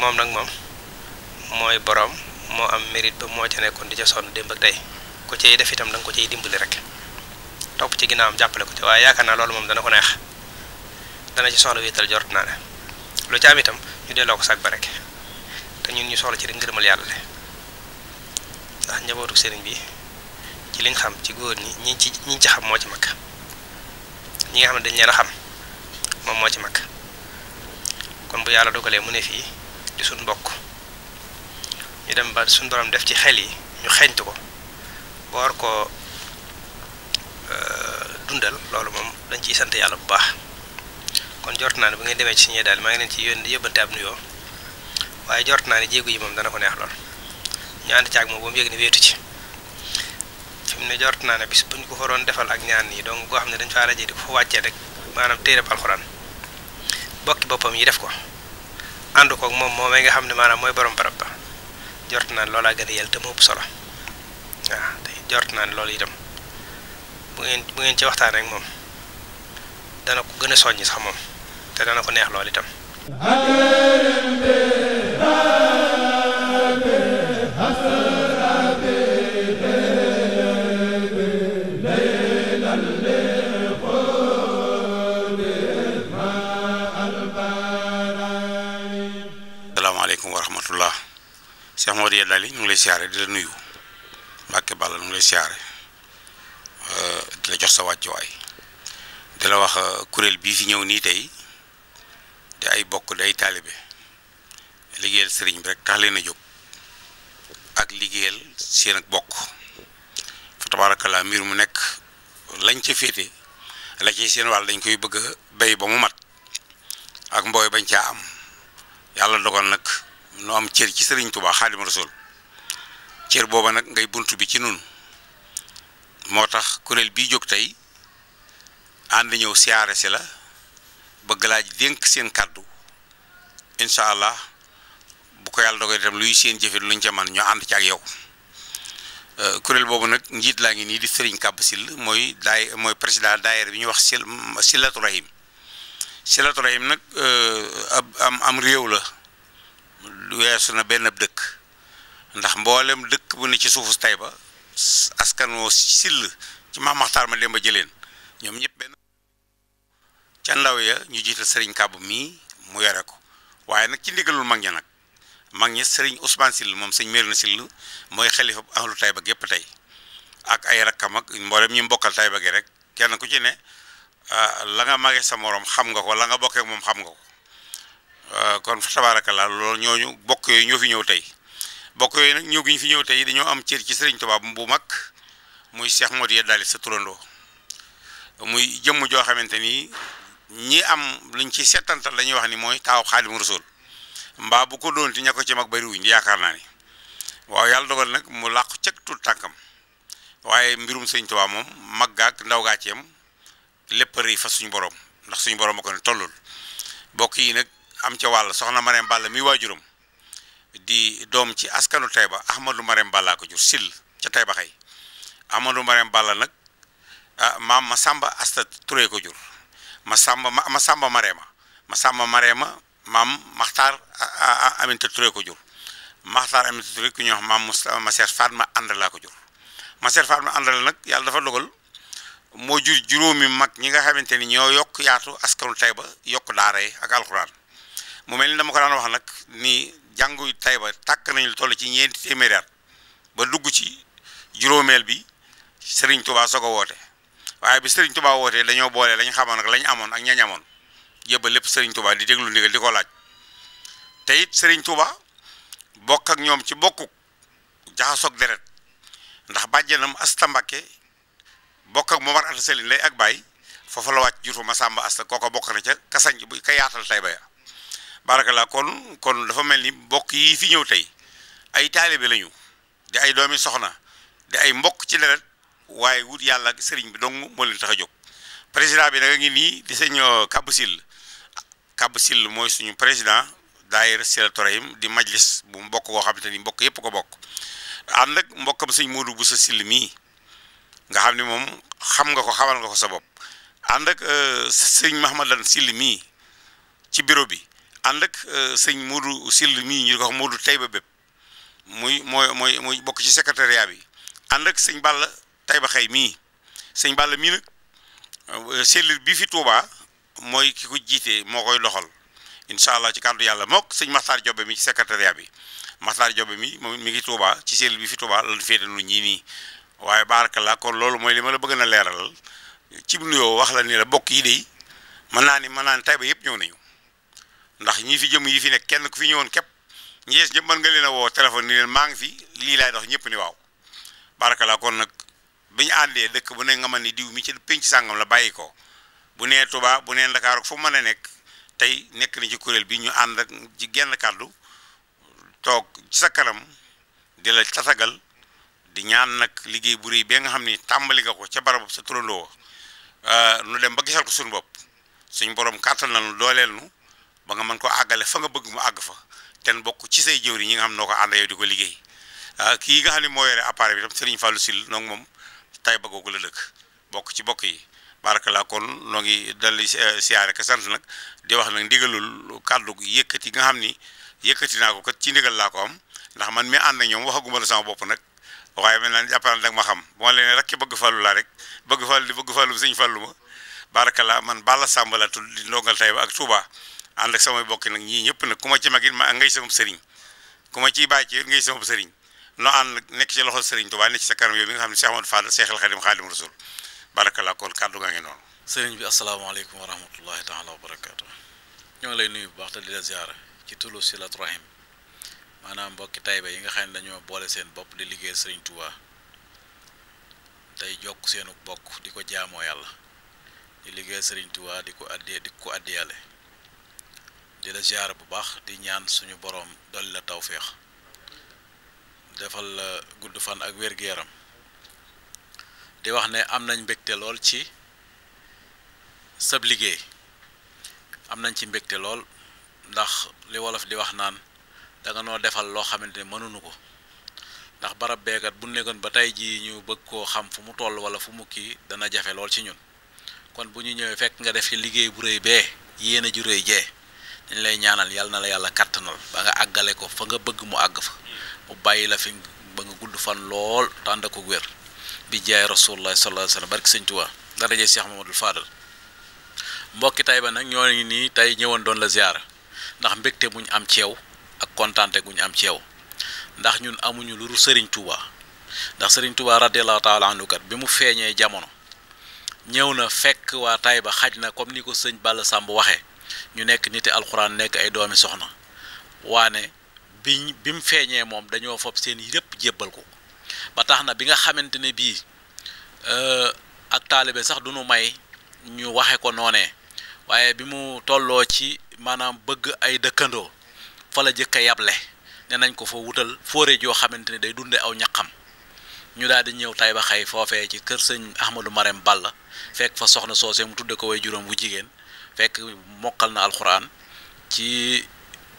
moom nag moom mooy boroom moo am mérite ba moo ca nekkoon di ca sonn démb ak tey ku ciy def itam da nga ko ciy dimbali rek topp ci ginnaawam jàppale ko ci waaye yaakaar naa loolu moom dana ko neex dana ci soxla wéetal jort naa ne lu ci am itam ñu delloo ko sag ba rek te ñun ñu soxla ci rek ngërëmal yàlla le ndax njabootu sëriñ bi ci liñ xam ci góor ñi ñi ci ñi ci xam moo ci mag ñi nga xam ne dañ leen a xam moom moo ci mag kon bu yàlla dogalee mu ne fii. di suñ mbokk ñu dem ba suñ borom def ci xel yi ñu xeñtu ko ba war ko euh, dundal loolu moom dañ ciy sant yàlla bu baax kon jort naa ne bu ngeen demee ci suñuy daal maa ngi leen ci yónni yóbbante ab nuyoo waaye jort naa ne jéegu yi moom dana ko neex lool ñu ànd caag moom ba mu yëg ni wéetu ci fi mu ne jort naa ne bis bu ñu ko waroon doon defal ak ñaan yi donc goo xam ne dañ faa rajee di ko fa wàccee rek maanaam téereb alxuraan bokki boppam yi def ko ànd kook moom moom nga xam ne maanaam mooy borom barab ba jort naan loolaa gën a yel te mu ëpp solo waaw te jort naan loolu itam mu ngeen bu ngeen ci waxtaan rek moom dana ko gën a soññ sax moom te dana ko neex loolu itam Cheikh Modou Yadali ñu ngi lay siyaare di la nuyu Mbàkke Balla ñu ngi lay siyaare euh, di la jox sa wàccuwaay di la wax euh, kuréel bii fi ñëw nii tey di ay bokk di ay taalibe liggéeyal sëriñ bi rek tax leen a jóg ak liggéeyal seen ak bokk fa tabaarakallaa mbir mu nekk lañ ca féete la ci seen wàll dañ koy bëgg a béy ba mu mat ak mbooy bañ caa am yàlla dogal nag nu am cër ci sëriñ Tuubaa Xaadimu Rasuul cër booba nag ngay bunt bi ci nun moo tax kuréel bi jóg tey ànd ñëw siyaare si la bëgg laa dénk seen kàddu incha allah bu ko yàlla dogal itam luy seen jëfit luñ ca ñoo ànd ci ak yow euh, kuréel boobu nag njiit laa ngi nii di sëriñ Kàbb Sill mooy daay mooy président daayira bi ñuy wax Sil Silatu Rahim Silatu Rahim nag euh, am am réew la weesu na benn dëkk ndax mboolem dëkk bu ne ci suufu Tayba askan woo sill ci maam Maxtaar ma dem ba jëleen ñoom ñëpp benn ca ndaw ya ñu jiital sëriñ kàbb mii mu yore ko waaye nag ci ndigalul mag ña nag mag ña sëriñ Ousmane Sill moom sëñ Mérina Sill mooy xelifa bu xalifa ahlu Tayba gépp tey ak ay rakkam ak mboolem ñi mbokkal Tayba gi rek kenn ku ci ne ah, la nga magee sa moroom xam nga ko la nga bokkee moom xam nga ko Euh, kon tabaarakallaa loolu ñooñu bokk yooyu ñoo fi ñëw tey bokk yooyu nag ñëw gi ñu fi ñëw tey dañoo am cër ci sëriñ Tuubaa bu mag muy Cheikh Modou Yaddaali sa turandoo muy jëmm joo xamante ni ñi am luñ ci settantal dañuy wax ni mooy taaw Xaadimu Rasuul mbaa bu ko doon ti ña ko ci mag bariwuñ yaakaar naa ni waaw yàlla dogal nag mu làqu cëg tut tànkam waaye mbirum sëñ Tuubaa moom mag gaak ndaw gaa ci yam lépp rëy fa suñu borom ndax suñu borom ko ne tollul am ca wàll soxna Marème Balla mi waajuram di doom ci askanu Taïba Ahmadou Marème Balla ko jur sil ca Taïba xëy Ahmadou Marème Balla nag ah maam ma Samba Asta ko jur ma Samba ma Samba Marème ma Samba Marème maam Maxtaar ah, ah, ah, Aminta Touré ko jur Maxtaar Aminta Touré ku ñuy wax maam Moussa ma Seer Fatma ànd laa ko jur ma Seer Fatma ànd la nag yàlla dafa dogal moo jur juróomi mag ñi nga xamante ni ñoo yokk yaatu askanu ba yokk daara ak alxuraan. mu mel ni dama ko daan wax nag ni jàngu Tayba tàkk nañu toll ci ñeenti téeméeri at ba dugg ci juróomeel bi Serigne Touba soo ko woote waaye bi Serigne Touba wootee dañoo boole lañ xamoon ak lañ amoon ak ñañ amoon lépp Serigne Touba di déglu ndigal di ko laaj te it Serigne Touba bokk ak ñoom ci bokku jaxasoog deret ndax bàjjanam Asta Mbakke bokk ak Momar Anta Sali lay ak baay foofu la wàcc jur fa Masamba Asta kooko bokk na ca kasañ bu ka barakalaa kon kon dafa mel ni mbokk yii fi ñëw tey ay taalibe lañu di ay doomi soxna de ay mbokk ci deret waaye wut yàlla sëriñ bi dong moo leen tax a jóg président bi nag a ngi nii di sëñ euh, Kabou Sill Kabou Sill mooy suñu président daayira Sila Torahim di majlis bu mbokk koo xam ni mbokk yëpp ko bokk ànd ak mbokkam sëñ Modou Boussa Sill mii nga xam ni moom xam nga ko xamal nga ko sa bopp ànd ak euh, sëñ Mahamadan Sill mii ci bureau bi ànd ak euh, sëñ Modou Sill mii ñu ko wax Modou Tayba bépp muy mooy mooy muy bokk ci secrétariat bi ànd ak sëñ Balla Tayba xay mii sëñ Balla mii nag euh, cellule bi fi Touba mooy ki ko jiitee moo koy doxal incha allah ci kàddu yàlla mook sëñ Maxtaar jobbe mi ci secrétariat bi Maxtaar Jobe mi moom mi ngi Touba ci cellule bi fi Touba lan féete lu ñii nii waaye baraka la kon loolu mooy li ma la bëgg na leeralal ci nuyoo wax la ni la bokk yi de mën naa ni mën naa yëpp ñëw nañu. ndax ñi fi jëm yi fi nekk kenn ku fi ñëwoon képp ñi des ñëpp mën nga leen a woo téléphone ni leen maa ngi fi lii laay dox ñëpp ni waaw barkalaa kon nag bi ñu àndee dëkk bu ne nga mën ni diw mi ci pénc sàngam la bàyyi ko bu nee tubaa bu nee Ndakaar ak fu mu mën a nekk tey nekk na ci kuréel bi ñu ànd ak ci genn kàddu toog ci sa kanam di la tatagal di ñaan nag liggéey bu rëy bee nga xam ni tàmbali nga ko ca barabu sa turandoo euh, nu dem ba gisal ko sunu bopp suñu borom kàttal na nu ba nga mën ko àggale fa nga bëgg mu àgg fa ten bokk ci say jëwri ñi nga xam noo ko ànda yow di ko liggéey ah, kii nga xam ne moo yore appareil bi tam Serigne Fallou Sil moom tay ba googu la dëkk bokk ci bokk yi barakalaa kon noo ngi dal eh, siyaare ka nag di wax nag ndigalul kàddu yëkkati nga xam ni yëkkati naa ko kat ci ndigal laa ko am ndax man mi ànd na ñoom waxaguma la sama bopp nag waaye mel naa ni jàppal dag ma xam bu ma rek ki bëgg fàllu laa rek bëgg fàllu di bëgg fàllu sëñ fàllu ma barakalaa man Balla Sàmba la tudd di ndongal Taïba ak Touba ànd ak samay bokk nag ñii ñëpp nag ku ma ci mag it ma ngay sama sëriñ ku ma ciy bàyyi ci ngay sama sëriñ noo ànd nekk ci loxol sëriñ Tuubaa nekk ci sa kanam yow mi ne Cheikh Amadou Fadal Cheikh al Khadim Khadim Rasul barakallah kon ngi noonu. sëriñ bi asalaamaaleykum wa rahmatullahi taala wa barakaatu ñoo ngi lay nuyu bu baax te di la ziara ci tulu Silat Rahim maanaam mbokki ba yi nga xam ne dañoo boole seen bopp di liggéey sëriñ Tuubaa tey jokk seenu bokk di ko jaamoo yàlla di liggéey sëriñ Tuubaa di ko addee di ko addiyale di la bu baax di ñaan suñu boroom dolli la tawféex defal la gudd fan ak wér-gu-yaram di wax ne am nañ mbégte lool ci sab liggéey am nañ ci mbégte lool ndax li wolof di wax naan danga noo defal loo xamante ne mënuñu ko ndax barab beekat bu nekkoon ba tey jii ñu bëgg koo xam fu mu toll wala fu mu kii dana jafe lool ci ñun kon bu ñu ñëwee fekk nga def ci liggéey bu rëy bee yéene ju rëy jee dañ lay ñaanal yàlla na la yàlla kattanal ba nga àggale ko fa nga bëgg mu àgg fa mu bàyyi la fi ba nga gudd fan lool tànd ko wér bi jaay rasulullah sallallahu alayhi wa sallam barke sëñ Tuubaa daraje Cheikh Mamadou Fadal mbokki tay ba nag ñoo ngi nii tey ñëwoon doon la ziyaara ndax mbégte bu ñu am ceew ak kontaante gu ñu am ceew ndax ñun amuñu lu sëriñ Touba ndax sëriñ tubaa radiyallahu taala anhu bi mu feeñee jamono ñëw na fekk waa Taïba xaj na comme ni ko sëñ Balla Samb waxee ñu nekk niti alxuraan nekk ay doomi soxna waane biñ bi mu feeñee moom dañoo fob seen yëpp jébbal ko ba tax na bi nga xamante ne bii euh, ak taalibe sax du nu may ñu waxe ko noonee waaye bi mu tolloo ci maanaam bëgg ay dëkkandoo fa la jëkk a yable ne nañ ko fa wutal foore joo xamante ne day dunde aw ñaqam ñu daal di ñëw tay ba xay foofee ci kër sëñ Ahmadou Marème bal fekk fa soxna soose mu tudde ko way juróom wu jigéen fekk mokkal na alxuraan ci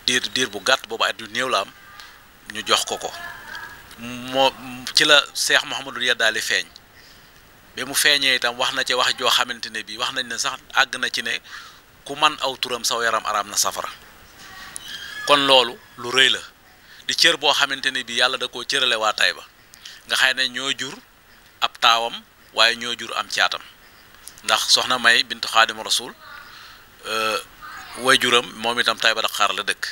diir diir bu gàtt boobu at yu néew la am ñu jox ko ko moo ci la seex Muhammadul Yaddaali feeñ bi mu feeñee itam wax na ci wax joo xamante ne bii wax nañ ne sax àgg na ci ne ku man aw turam saw yaram araam na safara kon loolu lu rëy la di cër boo xamante ne bii yàlla da koo cërale waa Tayba nga xay ne ñoo jur ab taawam waaye ñoo jur am caatam ndax soxna May bintu Xaadimu Rasuul Euh, waajuram moom itam Taïba xaar la dëkk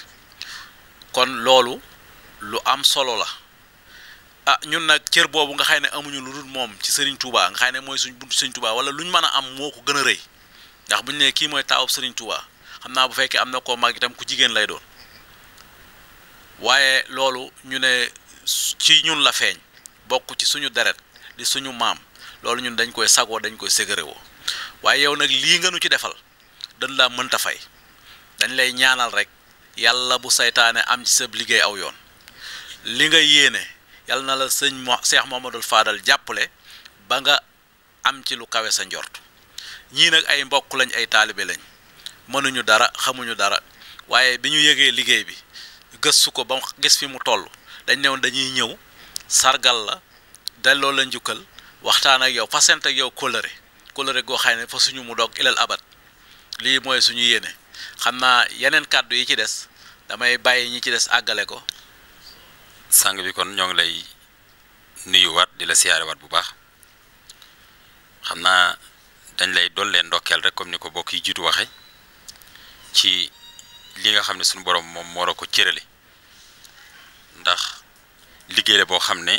kon loolu lu am solo la ah ñun nag cër boobu nga xam ne amuñu lu dul moom ci sëriñ Touba nga xam ne mooy suñ buntu Serigne Touba wala luñ mën a am moo ko gën a rëy ndax bu ne kii mooy taawub Serigne Touba xam naa bu fekkee am na koo mag itam ku jigéen lay doon waaye loolu ñu ne ci ñun la feeñ bokk ci suñu deret di suñu maam loolu ñun dañ koy sagoo dañ koy ségaréwoo waaye yow nag lii nga ci defal. dañ laa mënta fay dañ lay ñaanal rek yàlla bu seytaane am ci sab liggéey aw yoon li nga yéene yàlla na la sëñ moom Cheikh Mouhamadoul faadal jàppale ba nga am ci lu kawe sa njort ñii nag ay mbokk lañ ay taalibe lañ mënuñu dara xamuñu dara waaye bi ñu yëgee liggéey bi gëstu ko ba gis fi mu toll dañ newoon dañuy ñëw sargal la delloo la njukkal waxtaan ak yow fasent ak yow kóllëre kóllëre goo xay ne fa suñu mu doog ilal abat lii mooy suñu yéene xam naa yeneen kàddu yi ci des damay bàyyi ñi ci des àggale ko sang bi kon ñoo ngi lay nuyuwaat di la siyaarewaat bu baax xam naa dañ lay dollee ndokkeel rek comme ni ko bokk yi jiitu waxe ci li nga xam ne suñu borom moom moo la ko cërale ndax liggéey la boo xam ne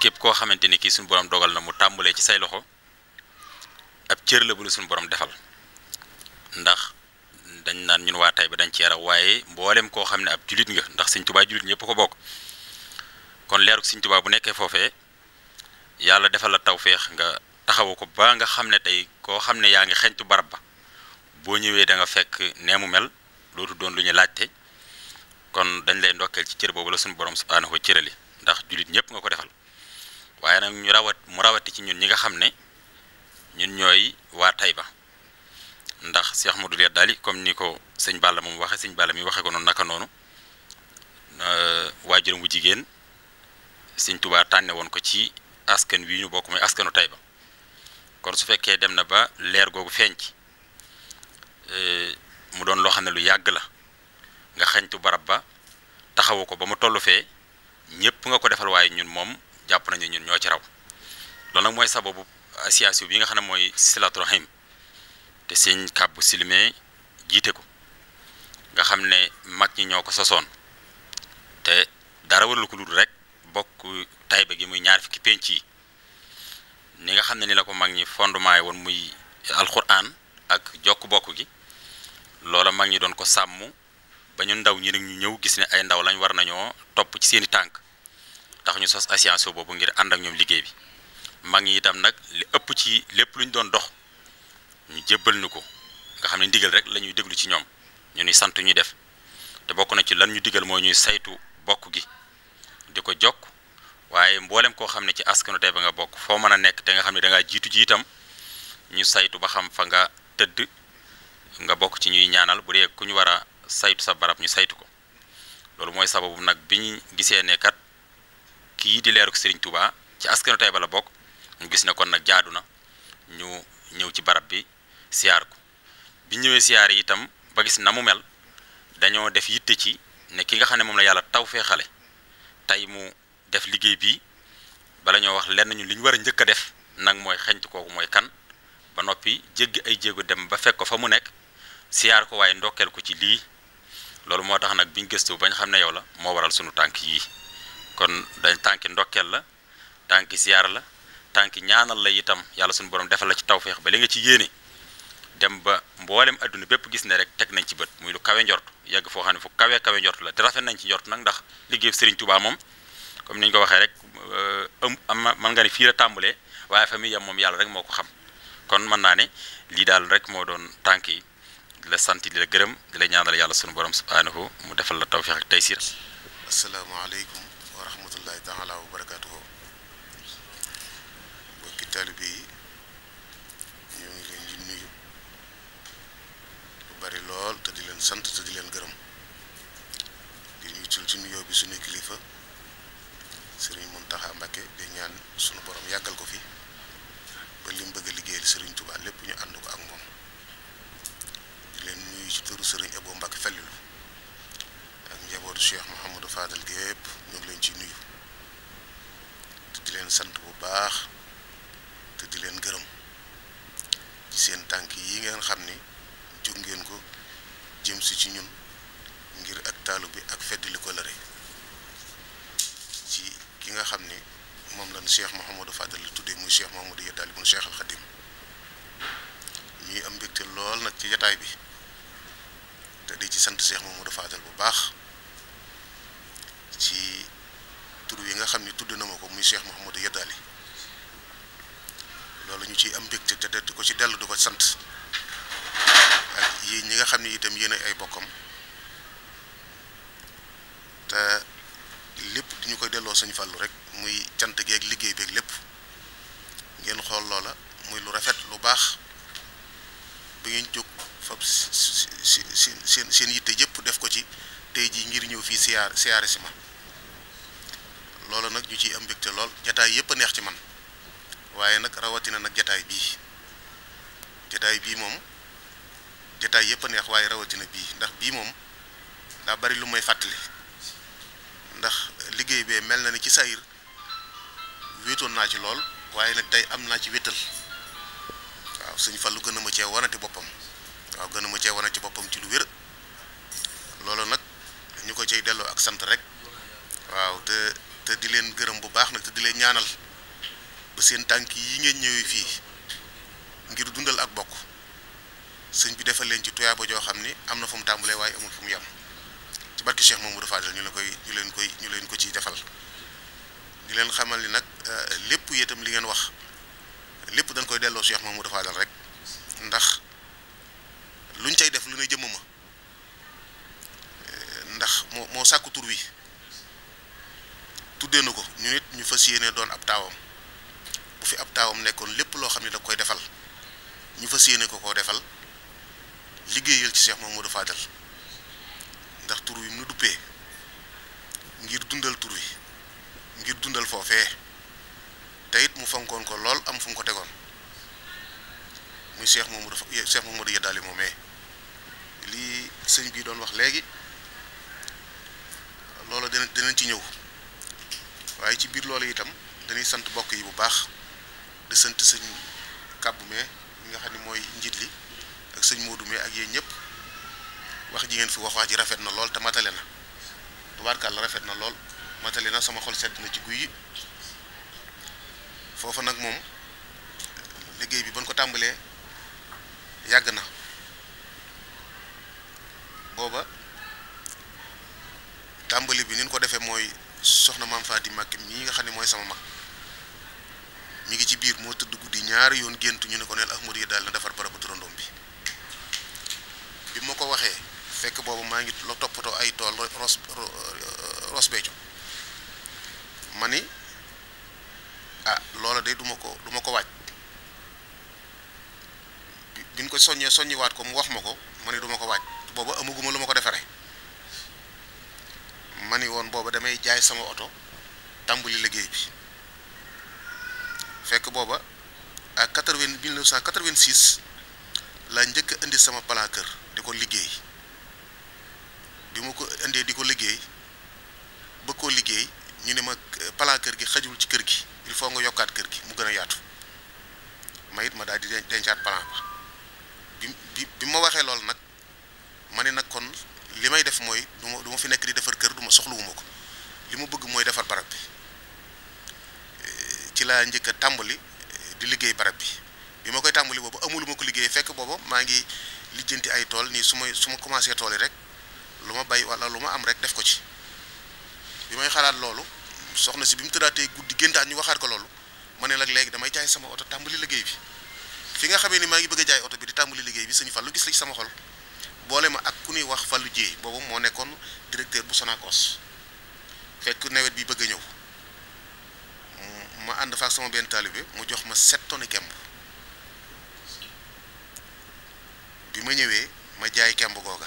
képp koo xamante ni kii suñu borom dogal na mu tàmbalee ci say loxo ab cër la bu la suñu borom defal ci waaye mboolem koo xam ne ab julit nga ndax sëñ tubaa julit ñëpp ko bokk kon leeruk sëñ tubaa bu nekkee foofee yàlla defal la tawféex nga taxawu ko ba nga xam ne tey koo xam ne yaa ngi xeñtu barab ba boo ñëwee danga fekk nee mu mel loolu doon lu ñu laajte kon dañ lay ndokkeel ci cër boobu la suñu borom subhaanahu wa cërali ndax julit ñëpp nga ko defal waaye nag ñu rawat mu rawati ci ñun ñi nga xam ne ñun ñooy waa Tayba ndax ma Cheikh Ahmadou Yadali comme ni ko sëñ baala moom waxe sëñ Balla mi waxe ko noonu naka noonu euh, waajuram bu jigéen sëñ Touba tànne woon ko ci askan wi ñu bokk muy askanu ba kon su fekkee dem na ba leer googu feeñ ci euh, mu doon loo xam ne lu yàgg la nga xañtu barab ba taxawu ko ba mu tollu fee ñëpp nga ko defal waaye ñun moom jàpp nañu ñun ñoo ci raw loolu nag mooy sababu association bi nga xam ne mooy silatu rahim te sëñ kàbbu silime jiite ko nga xam ne mag ñi ñoo ko sosoon te dara waral ko lu rek bokk Tayba gi muy ñaar fukki penc yi ni nga xam ne ni la ko mag ñi fondement yi woon muy alxuraan ak jokk bokk gi loola mag ñi doon ko sàmm ba ñu ndaw ñi nag ñu ñëw gis ne ay ndaw lañ war nañoo topp ci seeni tànk tax ñu sos association boobu ngir ànd ak ñoom liggéey bi mag ñi itam nag li ëpp ci lépp lu ñu doon dox ñu jëbbal nu ko nga xam ne ndigal rek la ñuy déglu ci ñoom ñu ni sant ñu def te bokk na ci lan ñu digal mooy ñuy saytu bokk gi di ko jokk waaye mboolem koo xam ne ci askanu ba nga bokk foo mën a nekk te nga xam ne da ngaa jiitu ji ñu saytu ba xam fa nga tëdd nga bokk ci ñuy ñaanal bu dee ku ñu war a saytu sa barab ñu saytu ko loolu mooy sababu nag bi ñu gisee ne kat kii di leeruk Serigne Touba ci askanu tey ba la bokk ñu gis na kon nag jaadu na ñu ñëw ci barab bi. siyaar ko bi ñëwee siyaar yi itam ba gis na mu mel dañoo def yitte ci ne ki nga xam ne moom la yàlla taw fee tey mu def liggéey bi bala ñoo wax lenn ñu li ñu war a njëkk a def nag mooy xeñtu kooku mooy kan ba noppi jéggi ay jéego dem ba fekk ko fa mu nekk siyaar ko waaye ndokkeel ko ci lii loolu moo tax nag biñ gëstu bañ xam ne yow la moo waral sunu tànk yii kon dañ tànki ndokkeel la tànki siyaar la tànki ñaanal la itam yàlla sunu borom defal la ci tawféex ba li nga ci yéene dem ba mboolem adduna bépp gis ne rek teg nañ ci bët muy lu kawe njort yegg foo xam ne foog kawe kawe njort la te rafet nañ ci njort nag ndax liggéey Serigne tubaa moom comme ni ñu ko waxee rek euh, am man nga ne fii la tàmbalee waaye famille yam moom yàlla rek moo ko xam kon mën naa ne lii daal rek moo doon tànk yi la sant di la gërëm di la ñaanal yàlla sunu borom subhanahu mu defal la tawfiq ak tey asalaamaaleykum wa rahmatullahi taala wa barakaatuhu mbokki taalibe yi bari lool te di leen sant te di leen gërëm di jiital ci nuyoo bi suñu kilifa sëriñ Mountakha Mbacké di ñaan suñu borom yàggal ko fi ba li bëgg a liggéeyal sëriñ Touba lépp ñu ànd ko ak moom di leen nuyu ci turu sëriñ Ebo Mbacké Fallilu ak njabootu Cheikh Mouhamadou Fadal gépp ñu ngi leen ci nuyu te di leen sant bu baax te di leen gërëm ci seen tànk yi ngeen xam ni. jóg ngeen ko jëm si ci ñun ngir ak taalu bi ak feddli ko lëre ci ki nga xam ni moom lañ Cheikh Mouhamadou Fadal li tuddee muy Cheikh Mouhamadou Yadali mun Cheikh Al Khadim ñuy am mbégte lool nag ci jataay bi te di ci sant Cheikh Mouhamadou Fadal bu baax ci tur yi nga xam ni tudd na ko muy Cheikh Mouhamadou Yadali loolu ñu ciy am mbégte te di ko ci dellu di ko sant ak yéen ñi nga xam ne itam yéen ay bokkam te lépp di ñu koy delloo suñu fàllu rek muy cant geeg liggéey beeg lépp ngeen xool loola muy lu rafet lu baax bi ngeen jóg fab seen seen yitte yëpp def ko ci tey jii ngir ñëw fii siyaar siyaare si ma loola nag ñu ci am mbégte lool jataay yëpp a neex ci man waaye nag rawatina nag jataay bii jataay bii moom. jotaay yëpp a neex waaye rawatina bii ndax bii moom daa bari lu may fàttali ndax liggéey bee mel na ni ci sayir wéetoon naa ci lool waaye nag tey am naa ci wétal waaw suñu fàllu gën a ma cee wanati boppam waaw gën a ma cee wanati boppam ci lu wér loolu nag ñu ko cay delloo ak sant rek waaw te te di leen gërëm bu baax nag te di leen ñaanal ba seen tànk yi ngeen ñëwee fii ngir dundal ak bokk. sëñ bi defal leen ci tuyaaba joo xam ni am na fu mu tàmbalee waaye amul fu mu yem ci barki Cheikh Mamadou Fadel ñu la koy ñu leen koy ñu leen ko ciy defal di leen xamal ni nag euh, lépp yétam li ngeen wax lépp dañ koy delloo Cheikh Mamadou Fadel rek ndax luñ cay def lu ne jëmm ma euh, ndax moo moo sàkk tur wi tuddee na ko ñu nit ñu fas yéene doon ab taawam bu fi ab taawam nekkoon lépp loo xam ne da koy defal ñu fas yéene ko koo defal liggéeyal ci moom Cheikh Mamadou Fadal ndax tur wi mu nu duppee ngir dundal tur wi ngir dundal foofee te it mu fonkoon ko lool am fu mu ko tegoon muy Cheikh Mamadou Cheikh Mamadou Yadali moomee lii sëñ bii doon wax léegi loola dina dinañ ci ñëw waaye ci biir loolu itam dañuy sant bokk yi bu baax di sant sëñ kàbbu mee nga xam ni mooy njiit li ak sëñ Modou mi ak yéen ñëpp wax ji ngeen fi wax wax ji rafet na lool te matale na tubaarkàlla rafet na lool matale na sama xol sedd na ci guy foofa nag moom liggéey bi ban ko tàmbalee yàgg na booba tàmbali bi nin ko defee mooy soxna maam Faati Mbakke mii nga xam ne mooy sama mag mi ngi ci biir moo tëdd guddi ñaari yoon géntu ñu ne ko neel Ahmadu yi daal na defar barabu turandoom bi ma ko waxee fekk boobu maa ngi la toppatoo ay tool ros ros beeco ma ni ah loola de duma ko duma ko waaj bi ñu ko soññee soññiwaat ko mu wax ma ko ma ni duma ko waaj booba amaguma lu ma ko defaree ma ni woon booba damay jaay sama oto tàmbali liggéey bi fekk booba ak quatre-vingt mille neuf cent quatre-vingt-six laa njëkk indi sama plan kër di ko liggéey bi ma ko indee di ko liggéey ba koo liggéey ñu ne ma eh, plan kër gi xajul ci kër gi il faut nga yokkaat kër gi mu gën a yaatu ma it ma daal di dencaat plan ba bi bi bi ma waxee loolu nag ma ne nag kon li may def mooy du ma fi nekk di defar kër du ma soxluwuma ko li ma bëgg mooy defar barab bi eh, ci laa njëkk tàmbali eh, di liggéey barab bi. bi ma koy tàmbali boobu amulu ma ko liggéey fekk boobu maa ngi lijjanti ay tool nii su ma su ma commencé tool rek lu ma bay wala lu ma am rek def ko ci bi may xalaat loolu soxna si bi mu tëddaatee guddi géntaat ñu waxaat ko loolu ma ne lag léegi damay jaay sama oto tàmbali liggéey bi fi nga xamee ni maa ngi bëgg jaay oto bi di tàmbali liggéey bi sëñ Fallou gis la sama xol boole ma ak ku ñuy wax Fallou Dieye boobu moo nekkoon directeur bu Sonacos fekk nawet bi bëgg a ñëw ma ànd faak sama benn taalibe mu jox ma sept tonnes kemb bi ma ñëwee ma jaay kemb googa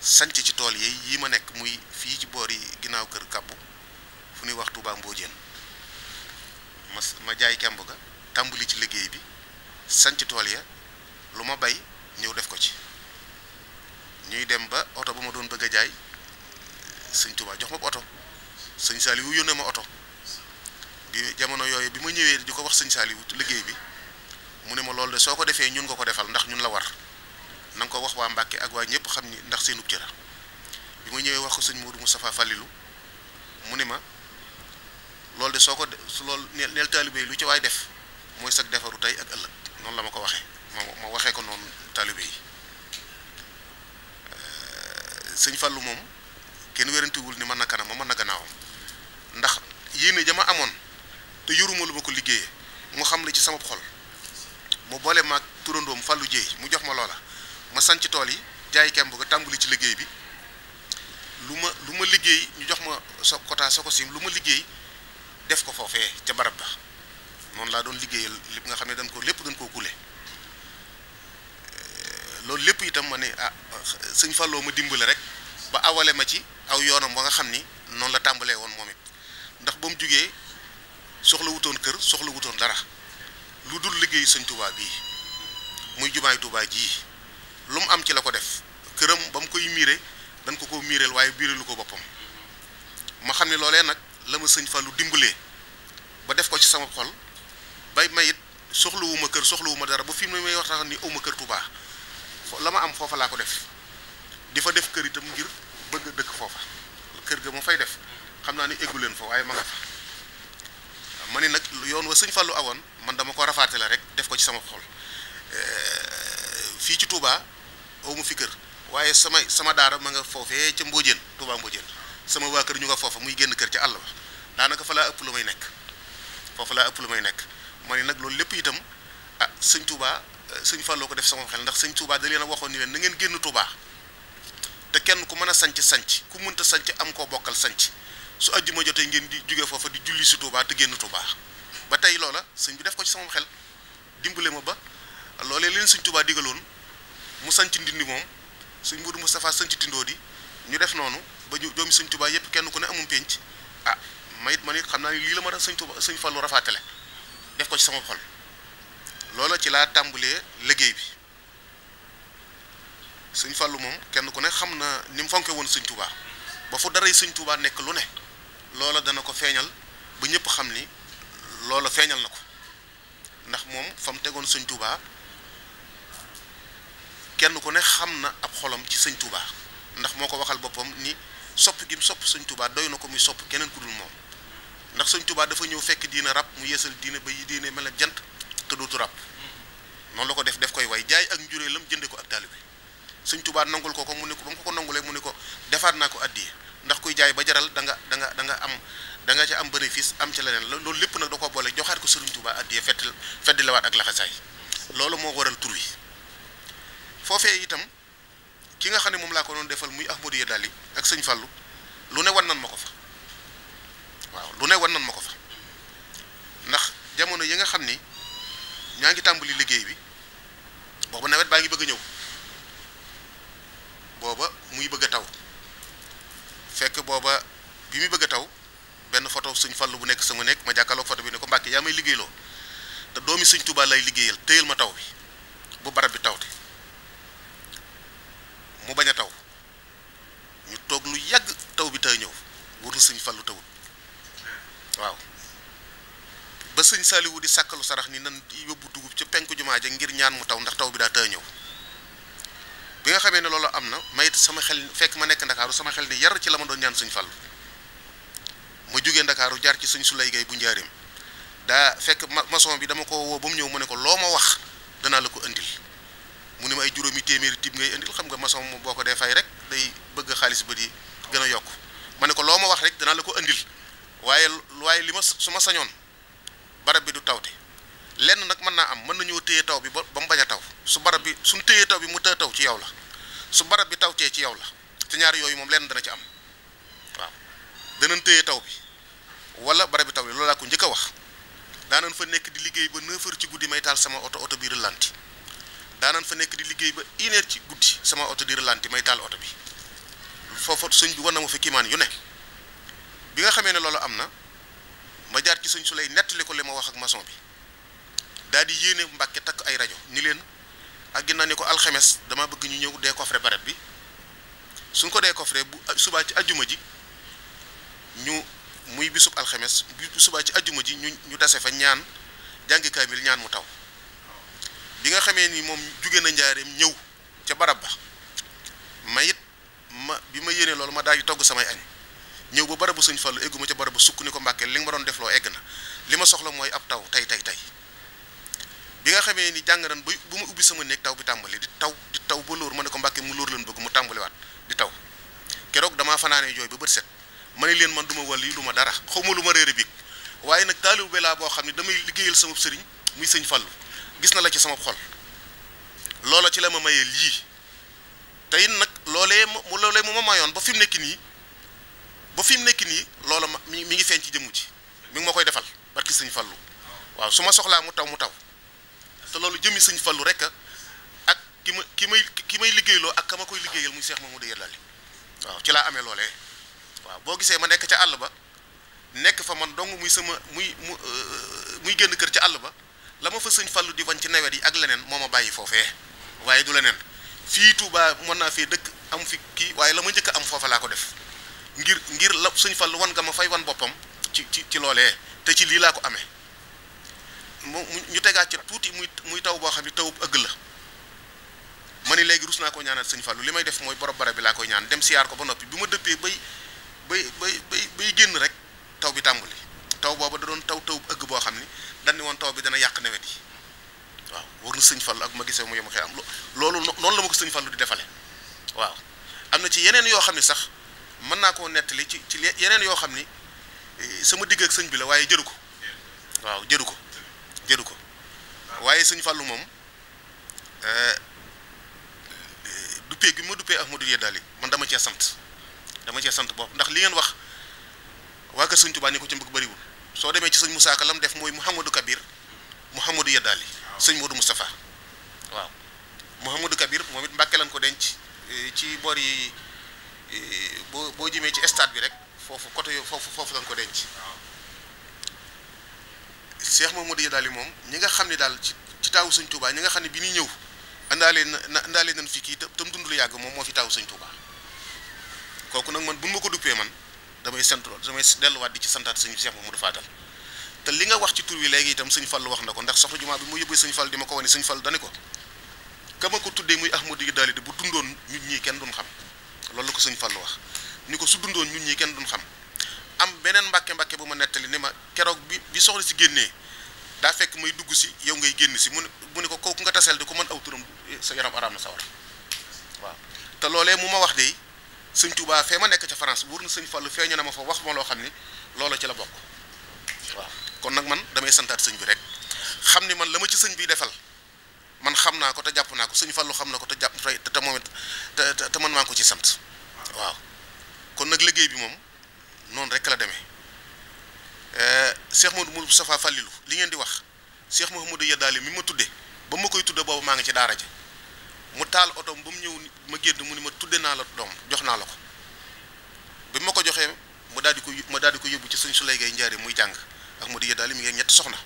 sanc ci tool yi yi ma nekk muy fii ci boor yi ginnaaw kër kàbbu fu ñuy wax Touba Mbodiène ma ma jaay kemb ga tàmbali ci liggéey bi sanc tool ya lu ma bay ñëw def ko ci ñuy dem ba oto ba ma doon bëgg a jaay sëñ jox ma oto sëñ Saliou yónnee ma oto bi jamono yooyu bi ma ñëwee di ko wax sëñ Saliou liggéey bi mu ne ma loolu de soo ko defee ñun nga ko defal ndax ñun la war nanga ko wax waa Mbàkke ak waa ñëpp xam ni ndax seenub cëra bi ma ñëwee wax ko sëñ mu Moustapha Fallilou mu ni ma loolu de soo ko su loolu neel taalibe yi lu ci waay def mooy sag defaru tey ak ëllëg noonu la ma ko waxee ma ma waxee ko noonu taalibe yi euh, sëñ Fallou moom kenn wérantiwul ni mën na kanam ma mën na gannaawam ndax yéene dama amoon te yoruma lu ma ko liggéeyee mu xam la ci sama xol mu boole maag turandoom Fallou Dieye mu jox ma loola ma sanc tool yi jaay kemb ga tàmbali ci liggéey bi lu ma lu ma liggéey ñu jox ma so quota so ko sim lu ma liggéey def ko foofee ca barab ba noonu laa doon liggéeyal lépp nga xam ne dañ ko lépp dañ koo kule eh, loolu lépp itam ma ne ah sëñ Fallou ma dimbale rek ba awale ma ci aw yoonam ba nga xam ni noonu la tàmbalee woon moom it ndax ba mu jógee soxla wutoon kër soxla wutoon dara lu dul liggéey sëñ Touba bii muy jumaay Touba jii lu mu am ci la ko def këram ba mu koy miire dañ ko ko miireel waaye biirelu ko boppam ma xam ne loolee nag la ma sëñ Fallou dimbalee ba def ko ci sama xol bay mayit it soxlawuma kër soxlawuma dara ba fi may wax tax ni awma kër Touba la ma am foofa laa ko def di fa def kër itam ngir bëgg dëkk foofa kër ga ma fay def xam naa ni eggu leen fa waaye ma nga fa ma ni nag yoon wa sëñ Fallou awoon man dama ko rafaatale rek def ko ci sama xol eh, fii ci Touba. aw ma fi kër waaye sama sama daara ma nga foofee ca Mbodiène Touba Mbodiène sama waa kër ñu nga foofa muy génn kër ca àll ba daanaka fa laa ëpp lu may nekk foofa laa ëpp lu may nekk ma ne nag loolu lépp itam ah sëñ Touba eh, sëñ Fallou ko def sama xel ndax sëñ Touba da leen a waxoon ni leen na ngeen génn Touba te kenn ku mën a sanc sanc ku mënta sanc am koo bokkal sanc su àjjuma jotee ngeen di jóge foofa di julli si Touba te génn Touba ba tey loola sëñ bi def ko ci sama xel dimbale ma ba loolee leen sëñ Touba digaloon. mu sanc ndindi moom suñ Moudou Moustapha sanc tindoo di ñu def noonu ba ñu doomi sëñ Tuubaa yépp kenn ku ne amum pénc ah mayit man it xam naa ni lii la ma a sëñ Tuubaa sëñ Fallu rafaatale def ko ci sama xol loola ci laa tàmbalee liggéey bi suñ Fallu moom kenn ku ne xam na ni mu fonke woon sëñ Tuubaa ba fu daray sëñ Tuubaa nekk lu ne loola dana ko feeñal ba ñëpp xam ni loola feeñal na ko ndax moom fa mu tegoon sëñ Tuubaa kenn ku ne xam na ab xolam ci sëñ Touba ndax moo ko waxal boppam ni sopp gi mu sopp sëñ Touba doy na ko muy sopp keneen ku dul moom ndax sëñ Touba dafa ñëw fekk diina rab mu yeesal diina ba yi diine mel ak jant te dootu rab noonu la ko def def koy way jaay ak njureelam jënde ko ak taalibe sëñ Touba nangul ko ko mu ne ko ba mu ko nangulee mu ne ko defaat naa ko addiye ndax kuy jaay ba jaral da nga da nga da nga am da nga ca am bénéfice am ca leneen lool lépp nag da ko boole joxaat ko sëriñ Touba addiye fedd fedd lawaat ak laxasaay loolu moo waral tur wi foofee itam ki nga xam ne moom laa ko doon defal muy Ahmadou Yadali ak sëñ Fallou lu ne wan ma ko fa waaw lu ne wan nan ma ko fa ndax jamono yi nga xam ni ñaa ngi tàmbali liggéey bi booba nawet baa ngi bëgg a ñëw booba muy bëgg a taw fekk booba bi muy bëgg a taw benn photo sëñ Fallou bu nekk sama nekk ma jàkkaloo photo bi ne ko Mbàkke yaa may liggéeyloo te doomi sëñ tubaal lay liggéeyal téyel ma taw bi bu barab bi tawte mu bañ a taw ñu toog lu yàgg taw bi tay ñëw wutul sëñ Fallu tawut waaw ba sëñ Saaliwu di sàkkalu sarax ni nan yóbbu dugub ca penku jumaa ja ngir ñaan mu taw ndax taw bi daa tay ñëw bi nga xamee ne loolu am na mayit sama xel fekk ma nekk ndakaaru sama xel ni yar ci la ma doon ñaan sëñ Fallu ma jógee ndakaaru jaar ci sëñ Sulay Gay bu njaarim daa fekk ma maçon bi dama ko woo ba mu ñëw ma ne ko loo ma wax danaa la ko indil mu ne ma ay juróomi téeméeri tibb ngay indil xam nga maçon moom boo ko dee fay rek day bëgg xaalis ba di gën a yokk ma ne ko loo ma wax rek danaa la ko indil waaye waaye li ma su ma sañoon barab bi du taw tawte lenn nag mën naa am mën nañoo téye taw bi ba ba mu bañ a taw su barab bi suñ téyee taw bi mu tëye taw ci yow la su barab bi taw tawtee ci yow la te ñaar yooyu moom lenn dana ci am waaw danañ téye taw bi wala barab bi taw bi loolu laa ko njëkk a wax daanan fa nekk di liggéey ba 9 ci guddi may taal sama oto oto bi rëlanti daanan fa nekk di liggéey ba une ci guddi sama oto di ralenti may taal oto bi foofu sëñ bi war na ma fa kiimaan yu ne bi nga xamee ne loolu am na ma jaar ci sëñ su lay nettali ko li ma wax ak mason bi daal di yéene mbàkke takk ay rajo ni leen ak naa ni ko alxames dama bëgg ñu ñëw dee décoffrer barab bi suñ ko dee kofre bu subaa ci ajjuma ji ñu muy bisub alxames bu subaa ci ajjuma ji ñu ñu dase fa ñaan jàngi kaamil ñaan mu taw bi nga xamee ni moom jóge na njaareem ñëw ca barab ba ma it ma bi ma yéene loolu ma daal yi togg samay añ ñëw ba barabu sëñ Fallu egguma ca ba sukk ni ko mbàkkee li nga ma doon defloo egg na li ma soxla mooy ab taw tey tey tey bi nga xamee ni jàng nañ ba bu ma ubbi sama néeg taw bi tàmbali di taw di taw ba lóor ma ne ko mbàkkee mu lóor leen bëgg mu tàmbaliwaat di taw keroog damaa fanaanee jooy ba bët set ma ne leen man duma ma wàll yi du ma dara xaw ma lu ma réere biig waaye nag taalibe laa boo xam ne damay liggéeyal sama sëriñ muy sëñ Fallu gis na la ci sama xol loola ci la ma mayee lii tey it nag loolee mu loolee ma mayoon ba fi mu nekk nii ba fi mu nekk nii loola ma mi ngi feeñ ci jëmm ci mi ngi ma koy defal barki sëñ Fallu waaw su ma soxlaa mu taw mu taw te loolu jëmmi sëñ Fallu rek ak ki ma ki may ki may liggéeyloo ak ka ma koy liggéeyal muy Seex Mamadu Yàllaali waaw ci laa amee loolee waaw boo gisee ma nekk ca àll ba nekk fa man dong muy sama muy mu euh, muy génn kër ca àll ba. la ma fa sëñ fallu di wan ci nawet yi ak leneen moo ma bàyyi foofee waaye du leneen fii Touba mën naa fee dëkk am fi kii waaye la ma njëkk am foofa laa ko def ngir ngir la sëñ Fallou wan nga ma fay wan boppam ci ci ci loolee te ci lii laa ko amee mu ñu tegaat ci tuuti muy muy taw boo xam ne tawub ëgg la ma ni léegi rus naa ko ñaanal sëñ fallu li may def mooy borom barab bi laa koy ñaan dem siyaar ko ba noppi bi ma dëppee bay bay bay bay bay génn rek taw bi tàmbali taw booba da doon taw tawub ëgg boo xam ni dañ ne woon taw bi dana yàq nawet yi waaw wóor na sëñ Fallu ak ma gisee mu ma xëy am loolu noonu la ma ko sëñ Fallu di defale waaw am na ci yeneen yoo xam ne sax mën naa koo nettali ci ci yeneen yoo xam ni eh, sama digg ak sëñ bi la waaye jëru ko waaw jëru ko jëru ko waaye sëñ Fallu moom eh, eh, duppee gi ma duppee Ahmadou Yeddaali man dama cee sant dama cee sant bopp ndax li ngeen wax waa kër sëñ Tuubaa ni ko ci mbëgg bariwul soo demee ci sëñ Moussa Ka def mooy Mouhamadou Kabir Mouhamadou Yadali sëñ Modou Moustapha waaw Mouhamadou Kabir moom it Mbàkke lañ ko denc eh, ci boor yi eh, boo boo jëmee ci stade bi rek foofu côté foofu foofu lañ ko denc Cheikh Mouhamadou Yadali moom ñi nga xam ne daal ci ci taawu sëñ Touba ñi nga xam ne bi ñuy ñëw indaalee na andaale nañ fi kii tam dund lu yàgg moom moo fi taawu sëñ Touba kooku nag man bu ma ko duppee man. damay sant lool damay delluwaat di ci santaat sëñ Cheikh Mamadou Fadal te li nga wax ci tur wi léegi itam sëñ Fall wax na ko ndax soxna jumaa bi mu yóbbee sëñ Fall di ma ko wane sëñ ko kama ko tuddee muy Ahmadou yi daali di bu dundoon ñun ñii kenn duñ xam loolu la ko sëñ Fall wax ni ko su dundoon ñun ñii kenn duñ xam am beneen mbàkke mbàkke bu ma nettali ni ma keroog bi bi soxna si génnee daa fekk may dugg si yow ngay génn si mu ne mu ne ko kooku nga taseel di ko mën aw turam eh, sa yaram araam na sawar waaw te loolee mu ma wax de sëñ Touba fee ma nekk ca France wóor na sëñ Fallou feeñu na ma fa wax ma loo xam ni loola ci la bokk waaw kon nag man damay santaat sañ bi rek xam ni man la ma ci sëñ bi defal man xam naa ko te jàpp naa ko sëñ Fallou xam na ko te jàpp te te moom te man maa ngi ko ci sant waaw kon nag liggéey bi moom noonu rek la demee eh, Cheikh mu Moustapha Fallilou li ngeen di wax moo Cheikh Mouhamadou Yadali mi ma tuddee ba ma koy tudde boobu maa ngi ci daara ji mu taal otoom ba mu ñëw ma génn mu ni ma tudde naa la doom jox naa la ko bi ma ko joxee ma daal di ko ma daal ko yóbbu ci sëñ Souleye Gueye Ndiaré muy jàng ak ma di yeddaali mi ngi ñetti soxna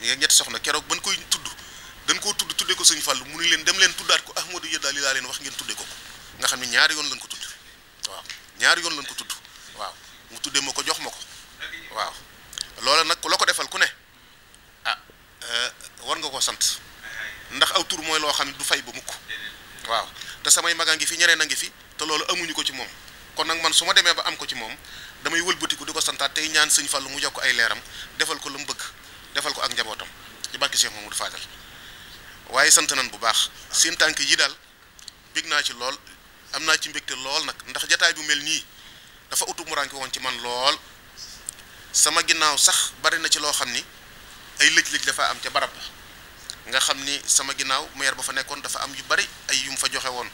mi ngi ñetti soxna keroog ban koy tudd dañ koo tudd tuddee ko sëñ Fall mu ni leen dem leen tuddaat ko Ahmadou Yeddaali laa leen wax ngeen tuddee ko nga xam ne ñaari yoon lañ ko tudd waaw ñaari yoon lañ ko tudd waaw mu tuddee ma ko jox ma ko waaw loola nag ko defal ku ne ah euh, nga koo sant. ndax aw tur mooy loo xam ne du fay ba mukk waaw te samay maga ngi fi ñeneen a ngi fi te loolu amuñu ko ci moom kon nag man su ma demee ba am ko ci moom damay wëlbatiku di ko santaat tey ñaan sëñ Fallou mu yokk ay leeram defal ko lu mu bëgg defal ko ak njabootam ci barke Cheikh Mamadou Fadal waaye sant nan bu baax seen tànk yi daal bég naa ci lool am naa ci mbégte lool nag ndax jataay bu mel nii dafa utu muranke woon ci man lool sama ginnaaw sax bari na ci loo xam ni ay lëj dafa am ca barab nga xam ni sama ginnaaw maire ba fa nekkoon dafa am yu bari ay yu mu fa joxe woon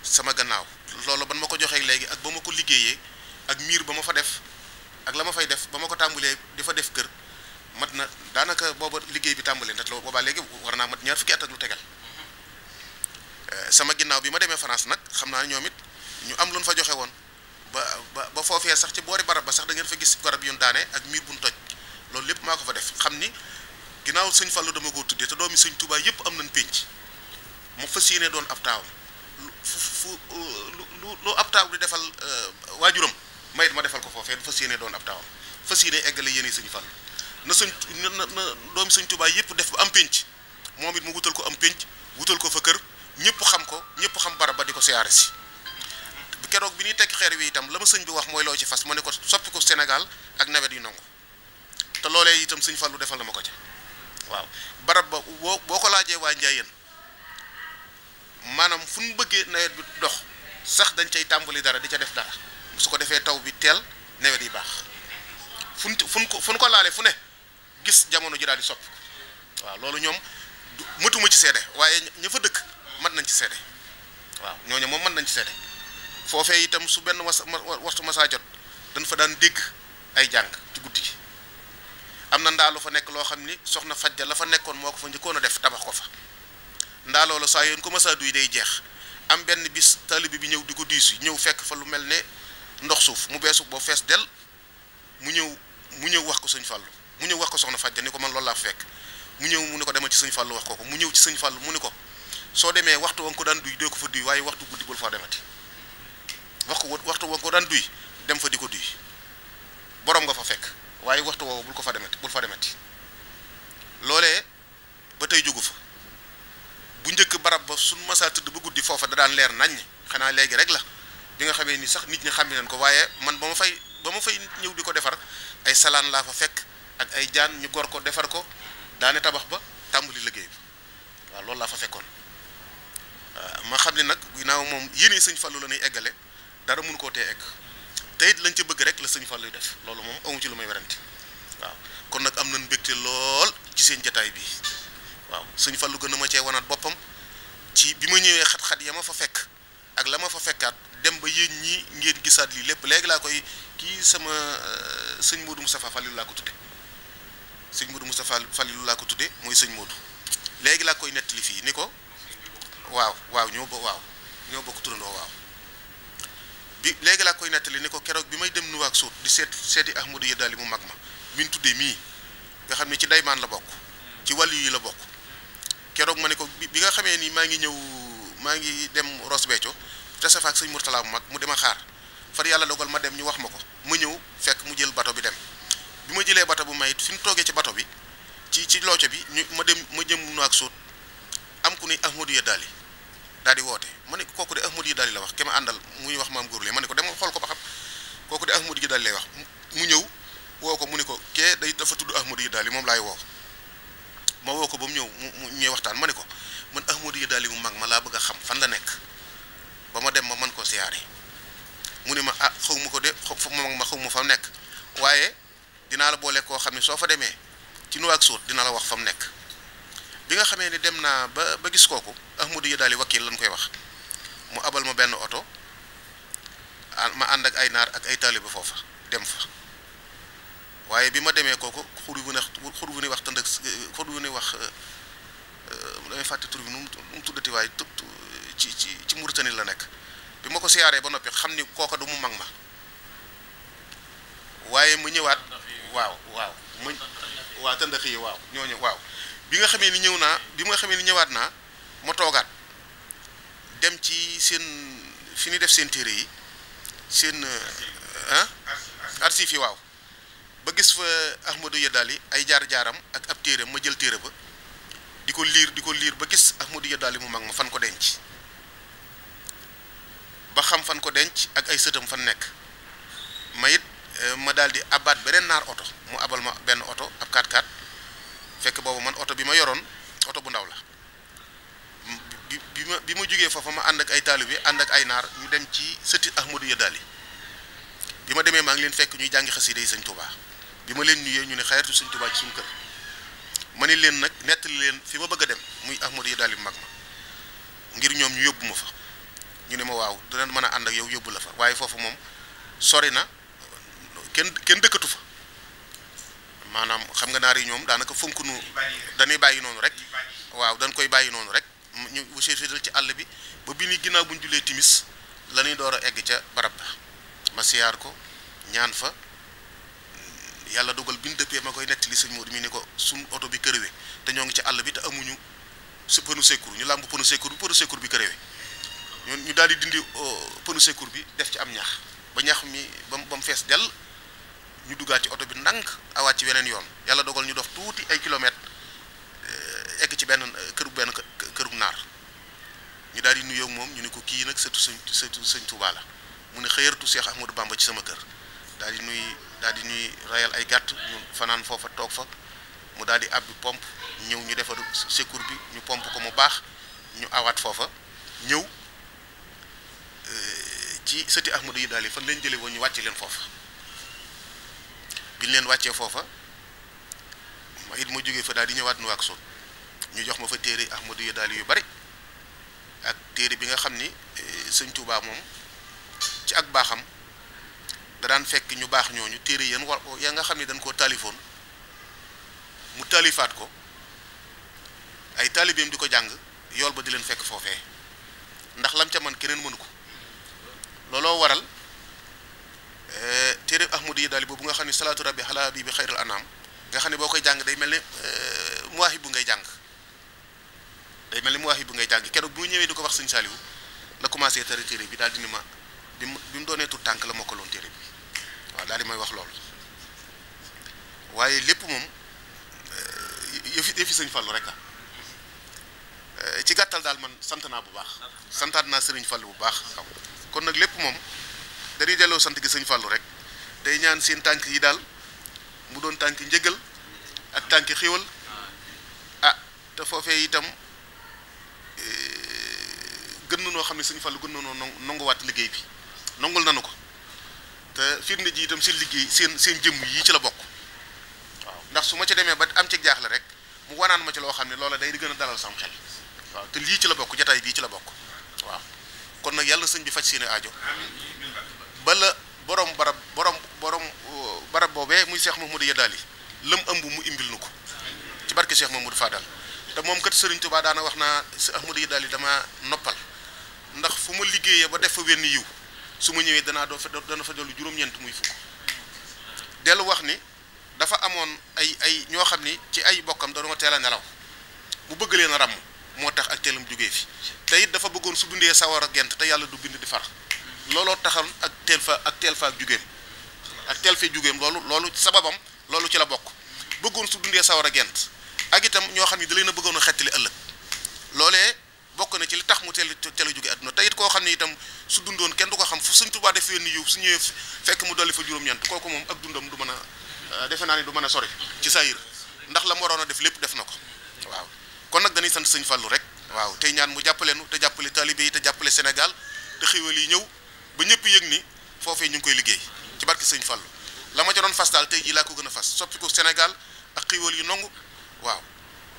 sama gannaaw loolu ban ma ko joxee léegi ak ba ma ko liggéeyee ak miir ba ma fa def ak la ma fay def ba ma ko tàmbalee di def kër mat na daanaka booba liggéey bi tàmbalee ndax la boobaa léegi war naa mat ñaar fukki at ak lu tegal eh, sama ginnaaw bi ma demee France nag xam naa ñoom it ñu am lu ñu fa joxe woon ba ba ba foofee sax ci boori barab ba sax da ngeen fa gis garab yu ñu ak miir bu loolu lépp maa ko fa def xam ni. ginnaaw sëñ Fallou dama ko tuddee te doomi sëñ Touba yëpp am nañ pénc mu fas yéene doon ab taawam fu fu lu ab taaw di defal euh, waajuram mayit ma defal ko foofee fas yéene doon ab taawam fas yéene eggale yéene sëñ Fallou na sëñ na na doomi sëñ Touba yëpp def ba am pénc moom it mu wutal ko am pénc wutal ko fa kër ñëpp xam ko ñëpp xam barab ba di ko siyaare keroog bi ñuy tekk xeer wi itam la ma sëñ bi wax mooy loo ci fas ma ne ko soppi ko senegal ak nawet yi nongo te loolee itam sëñ Fallou defal la ma ko ca waaw barab ba boo boo ko laajee waa Njaayeen maanaam fu ñu bëggee nawet bi dox sax dañ cay tàmbali dara di ca def dara su ko defee taw bi teel nawet yi baax fu ñu fu ko fu ñu ko laalee fu ne gis jamono ji daal di soppi waaw loolu ñoom matuma ci seede waaye ña fa dëkk mën nañ ci seede waaw ñooñu moom mën nañ ci seede foofee itam su benn was waxtu saa jot dañ fa daan dégg ay jàng ci guddi gi am na ndaalu fa nekk loo xam ni soxna fajja la fa nekkoon moo ko fa njëkkoon a def tabax ko fa ndaaloo la saa yoon ko mësaa duy day jeex am benn bis taalibe bi ñëw di ko diisi ñëw fekk fa lu mel ne ndox suuf mu beesu boo fees del mu ñëw mu ñëw wax ko sëñ fallu mu ñëw wax ko soxna fajja ni ko man loolu laa fa fekk mu ñëw mu ne ko demal ci sëñ fàllu wax ko ko mu ñëw ci sëñ fàllu mu ne ko soo demee waxtu wa ko daan duy ko fa duy waaye waxtu guddi bul faa demati wax waxtu wa ko daan duy dem fa di ko duy boroom nga fa fekk waaye waxtu woowu bul ko fa demati bul fa demati loolee ba tey jógu fa bu njëkk barab ba suñ masaa tëdd ba guddi foofa da daan leer naññ xanaa léegi rek la bi nga xamee ni sax nit ñi xam nañ ko waaye man ba ma fay ba ma fay ñëw di ko defar ay salaan laa fa fekk ak ay jaan ñu gor ko defar ko daane tabax ba tàmbali liggéey bi waaw loolu laa fa fekkoon ah, ma xam ni nag bu ginnaaw moom yéene sëñ Fallou la ñuy eggale dara mënu koo tee egg. te it lañ ci bëgg rek la sëñ Fallou def loolu moom amu ci lu may werante waaw kon nag am nañ mbégte lool ci seen jataay bi waaw sëñ fal lu gën a ma cee wanaat boppam ci bi ma ñëwee xat-xat ya ma fa fekk ak la ma fa fekkaat dem ba yéen ñi ngeen gisaat lii lépp léegi laa koy kii sama euh, sëñ mu Modou Moustapha Fallou laa ko tudde sëñ Modou Moustapha Fallou laa ko tudde mooy sëñ Modou léegi laa koy nettali fii ni ko waaw waaw ñoo bo waaw ñoo bokk turandoo waaw bi léegi laa koy nettali ni ko keroog bi may dem nuwaak suut di seet seeti Ahmadou Yadaali mu mag ma min tuddee mii nga xam ne ci daymaan la bokk ci wàllu yi la bokk keroog ma ne ko bi nga xamee ni maa ngi ñëw maa ngi dem Ross Béthio te safaak sëñ Mourtala mu mag mu dem a xaar far yàlla dogal ma dem ñu wax ma ko ma ñëw fekk mu jël bato bi dem bi ma jëlee bato bu may fi mu toogee ci bato bi ci ci looco bi ñu ma dem ma jëm ak suut am ku ni Ahmadou Yadaali daal Gidali la wax ki ma àndal muy wax maam Góorle ma ne ko dem nga xool ko ba xam kooku de ak Ahmadou Gidali lay wax mu ñëw woo ko mu ne ko kee day dafa tudd Ahmadou Gidali moom laay woo ma woo ko ba mu ñëw mu ñuy waxtaan ma ne ko man Ahmadou Gidali mu mag ma laa bëgg a xam fan la nekk ba ma dem ma man koo siyaare mu ne ma ah xaw ma ko de xaw ma xaw ma fa nekk waaye dinaa la boole koo xam ne soo fa demee ci nuwaak suut dina la wax fa mu nekk bi nga xamee ni dem naa ba ba gis kooku Ahmadou Gidali wakil lañ koy wax. mu abal ma benn oto ah, ma ànd ak ay naar ak ay taaliba foofa dem fa waaye bi ma demee kooku xur bu ne xur wax tënd ak xur bu ne wax euh, euh, damay fàtte tur bi nu mu tuddati waaye ci ci ci Mauritanie la nekk bi ma ko siyaaree ba noppi xam ni kooka du mu mag ma waaye ma ñëwaat waaw waaw mu waaw tëndax yi waaw bi nga xamee ni ñëw naa bi nga xamee ni ñëwaat naa ma toogaat dem ci seen fi ñu def seen téere yi seen ah euh, archive yi waaw ba gis fa Ahmadou Yadali ay jaar-jaaram ak ab téere ma jël téere ba di ko liir di ko liir ba gis Ahmadou Yadali mu mag ma fan ko denc ba xam fan ko denc ak ay sëtam fan nekk ma it euh, ma daal abaat beneen naar oto mu abal ma benn oto ab 4 x fekk boobu man oto bi ma yoroon oto bu ndaw la bi ma bi ma jógee foofa ma ànd ak ay taalibe ànd ak ay naar ñu dem ci sëti Ahmadou Yadaali bi ma demee maa ngi leen fekk ñuy jàngi xasida yi sëñ Touba bi ma leen nuyee ñu ne xayratu sëñ Touba ci suñu kër ma ne leen nag nettali leen fi ma bëgg a dem muy Ahmadou Yadaali mag ma ngir ñoom ñu yóbbu ma fa ñu ne ma waaw dinañ mën a ànd ak yow yóbbu la fa waaye foofu moom sori na kenn kenn dëkkatu fa maanaam xam nga naar yi ñoom daanaka fonk nu dañuy bàyyi noonu rek dañ koy bàyyi noonu rek. mu ñu wusee ci àll bi ba bi ni ginnaaw bu ñu julee timis la ñuy door a egg ca barab ba ma siyaar ko ñaan fa yàlla dogal bi ñu dëppee ma koy nettali sëñ Modou mi ne ko suñ oto bi kërëwe te ñoo ngi ci àll bi te amuñu si pënu secours ñu làmb pënu secours bi pënu secours bi kërëwe ñun ñu daal di dindi oh, pënu secours bi def ci am ñax ba ñax mi ba mu fees dell ñu duggaat ci oto bi ndànk awaat ci weneen yoon yàlla dogal ñu dox tuuti ay kilomètres ekk ci benn euh, këru benn këru naar ñu daal di nuyoog moom ñu ne ko kii nag sëtu sëñ sëtu sëñ Touba la mu ne xëyartu Cheikh Ahmadou Bamba ci sama kër daal di nuy daal di nuy rayal ay gàtt ñu fanaan foofa toog fa mu daal di abbi pompe ñëw ñu defaru sekur bi ñu pompe ko mu baax ñu awaat foofa ñëw euh, ci sëti Ahmadou yi daal fan leen jëlee woon ñu wàcce leen foofa bi leen wàccee foofa ma it ma jógee fa daal di ñëwaat nu waak soon ñu jox ma fa téere Ahmadu Yadaali yu bari ak téere bi nga xam ni eh, sëñ Tuubaa moom ci ak baaxam da daan fekk ñu baax ñooñu téere yan war ya nga xam ni dañ koo taalifoon mu taalifaat ko ay taalibeem di ko jàng yool ba di leen fekk foofee ndax lam ca man keneen mënu ko looloo waral eh, téere Ahmadu Yadaali boobu nga xam ni salaatu rabbi xalaa bii bi xayril anam nga xam ne boo koy jàng day mel ni ne eh, bu ngay jàng day mel ni mu wax yi bu ngay jàng keroog bi mu ñëwee di ko wax sëñ Saliou la commencé tari bi daal di ni ma bi mu doonee tur tànk la mokkaloon téere bi waaw daal di lépp moom eh, yëfi yëfi sëñ Fallou rek eh, daal man sant bu baax santaat naa sëriñ bu baax kon nag lépp moom dañuy delloo sant gi sañ Fallou rek tey ñaan seen tànk yi daal mu doon tànk njëgal ak tànk xiwal ah te foofee itam. gën na noo xam ne sëñ Fallou gën na noo nanguwaat liggéey bi nangul nanu ko te firnde ji itam seen liggéey seen seen jëmm yii ci la bokk waaw ndax su ma ci demee ba am ci jaaxle rek mu wanaan ma ci loo xam ne loola day di gën a dalal sam xel te lii ci la bokk jataay bii ci la bokk waaw kon nag yàlla sëñ bi faj seen aajo bala borom barab borom borom barab boobee muy Cheikh Mahmoudou Yadali lëm ëmb mu imbil nu ko ci barke mu Mahmoudou Fadal te moom kat Serigne Touba daana wax naa si Ahmadou yi dama noppal ndax fu ma liggéeyee ba def fa wenn yiw su ma ñëwee danaa doo fa dana fa dolli juróom-ñeent muy fukk dellu wax ni dafa amoon ay ay ñoo xam ni ci ay bokkam dañoo teel a nelaw bu bëgg leen a ràmm moo tax ak teelam jógee fi te dafa bëggoon su dundee sawar a gent te yàlla du bind di far looloo taxal ak teel fa ak teel fa ak jugéem ak teel fee jugéem loolu loolu sababam loolu ci la bokk bëggoon su dundee sawar a gent ak itam ñoo xam ne dalee na bëggoon a xettali ëllëg loolee bokk na ci li tax mu teel teel a jóge àdduna te it koo xam ne itam su dundoon kenn du ko xam fu suñ Tuubaa defee ni yow su ñëwee fekk mu dolli fa juróom-ñeent kooku moom ak dundam du mën a euh, defe naa ni du mën a sori ci saayir ndax la mu waroon a def lépp def na ko waaw kon nag dañuy sant sëñ Fallou rek waaw tey ñaan mu jàppaleenu te jàppale taalibe yi te jàppale Sénégal te xéwal yi ñëw ba ñëpp yëg ni foofee ñu ngi koy liggéey ci barke sëñ Fallou la ma ca doon tey jii ko gën a fas soppi ko Sénégal ak xéwal yu waaw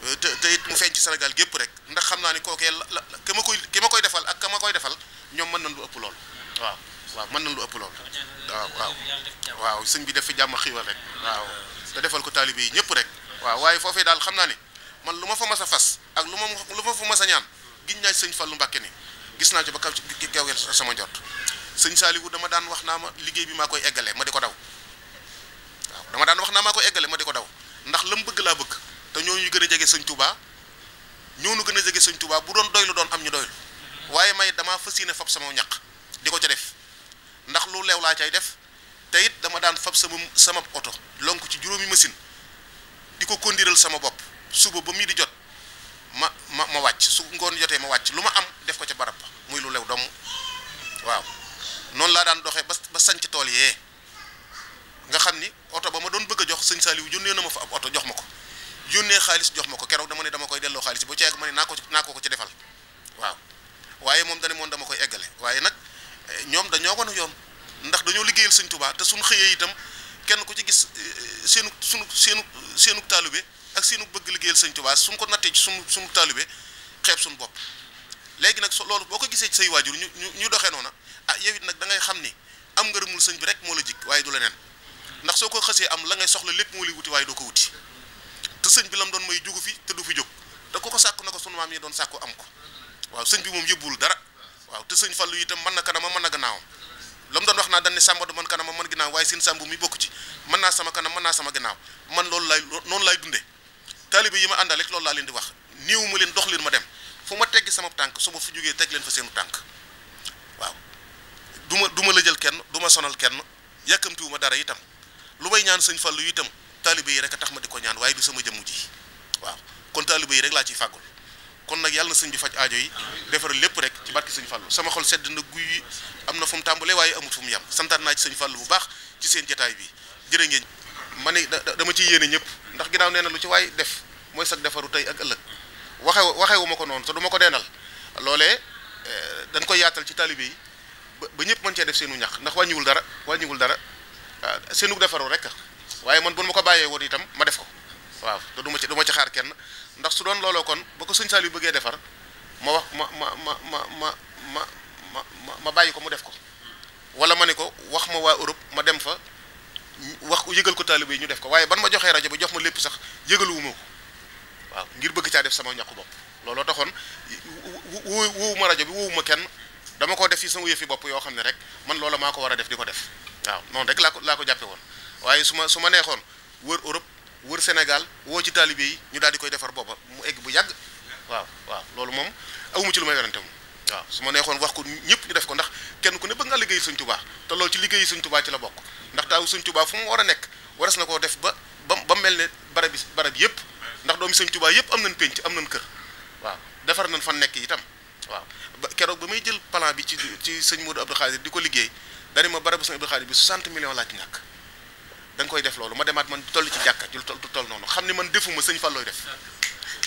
euh, te te it mu feeñ ci senegal gépp rek ndax xam naa ni kookee la ki ma koy ki ma koy defal ak ka ma koy defal ñoom mën nañ lu ëpp lool waaw waaw mën nañ lu ëpp lool waaw sëñ bi def jàmm xiiwal rek waaw te ko taalibe ñëpp rek waaw waaye foofee daal xam naa ni man lu ma fa mas a fas ak lu ma lu ma fa mas a ñaan giñ naa sëñ Fallou Mbacké ni gis naa ci ba kaw ci kaw sama njort sëñ Saliou dama daan wax naa ma liggéey bi maa koy eggale ma di ko daw daan wax naa maa koy eggale ma di ko daw ndax la mu bëgg laa bëgg te ñooñu gën a jege sëñ Touba nu gën a jege sëñ tubaa bu doon doylu doon am ñu doylu waaye may damaa fas yéene fab sama ñaq di ko ca def ndax lu leew laa cay def te dama daan fab sama sama oto lonk ci juróomi machine di ko kondiral sama bopp suba ba muy di jot ma ma ma wàcc su ngoon jotee ma wàcc lu ma am def ko ca barab ba muy lu lew doom waaw noonu laa daan doxee ba sañ ci tool yee nga xam ni oto ba ma doon bëgg a jox sëñ Saliou jëndee na ma fa ab oto jox ma ko yónnee xaalis jox ma ko keroog dama ne dama koy delloo xaalis bu ci egg ma ne naa ko naa ko ko ci defal waaw waaye moom dana moom dama koy eggale waaye nag eh, ñoom dañoo wan a yoon ndax dañoo liggéeyal sëñ Tuubaa te suñu xëyee itam kenn ku ci gis eh, eh, seenu sunu seenu seenu taalube ak seenu bëgg liggéeyal sëñ Tuubaa suñ ko nattee ci sunu sunu taalube xeeb suñu bopp léegi nag loolu boo ko gisee ci say ñu ñu ñu doxee noona ah yow nag da xam ni am nga ngërëmul sëñ bi rek moo la jik waaye du la neen ndax soo ko xësee am la ngay soxla lépp moo li wuti waaye doo ko wuti te sëñ bi lam doon may jugu fi te du fi jóg te ko ko sàkk na ko sunu maam yi doon sàkku am ko waaw sëñ bi moom yëbbul dara waaw te sëñ Fallu itam man na kanama mën na gannaawam lam doon wax naa dañ ne sàmba du mën kanama mën ginnaaw waaye seen sàmb mi bokk ci mën naa sama kanam mën naa sama ginnaaw man loolu laay noonu laay dundee taalibe yi ma àndal rek loolu laa leen di wax néew leen dox leen ma dem fu ma teggi sama tànk soo ma fi jógee teg leen fa seenu tànk waaw du ma du ma kenn du ma sonal kenn yàkkamtiwu ma dara itam lu may ñaan sëñ Fallu itam taalibe yi rek a tax ma di ko ñaan waaye du sama jëmm ji waaw kon taalibe yi rek laa ciy fàggul kon nag yàlla na sëñ bi faj ajo yi defar lépp rek ci barki sëñ Fallou sama xol sedd na guy am na fu mu tàmbalee waaye amut fu mu yem santaat naa ci sëñ bu baax ci seen jotaay bi jërë ngeen ma ne dama ciy yéene ñëpp ndax ginnaaw nee na lu ci waaye def mooy sag defaru tey ak ëllëg waxe waxewu ma ko noonu te du ko deenal loolee eh, dañ koy yaatal ci taalibe yi ba ñëpp mën cee def seenu ñax ndax wàññiwul dara wàññiwul dara ah, seenu defaru rek waaye man bu ma ko bàyyee woon itam ma def ko waaw te duma ci du ci xaar kenn ndax su doon looloo kon ba ko sëñ Saliou bëggee defar ma wax ma ma ma ma ma ma ma ma bàyyi ko mu def ko wala ma ne ko wax ma waa Europe ma dem fa wax yëgal ko taalibe yi ñu def ko waaye ban ma joxee rajo bi jox ma lépp sax yëgaluwuma ko waaw ngir bëgg caa def sama ñaxu bopp looloo taxoon wu wuwuma rajo bi wuwuma kenn dama ko def ci sama yëfi bopp yoo xam ne rek man loola maa ko war a def di ko def waaw noonu rek laa ko laa ko jàppe woon waaye su ma su ma neexoon wër Europe wër Sénégal woo ci taalibe yi ñu daal di koy defar boppa mu egg bu yàgg waaw waaw loolu moom awuma ci lu may werante moom waaw su ma neexoon wax ko ñëpp ñu def ko ndax kenn ku ne bëgg nga liggéey Sëñ Tuubaa te loolu ci liggéey Sëñ Tuubaa ci la bokk ndax taawu Sëñ Tuubaa fu mu war a nekk waras na koo def ba ba ba mel ne barab bi barab yëpp ndax doomi Sëñ Tuubaa yëpp am nañ pénc am nañ kër waaw defar nañ fan nekk itam waaw ba keroog ba may jël plan bi ci ci sëñ Modou Abdou Khadir di ko liggéey dani ma barabu sëñ Abdou Khadir bi 60 millions laa ci ñàkk da koy def loolu ma demaat man du toll ci jàkka ju du toll noonu xam ni man defuma sëñ Fallooy def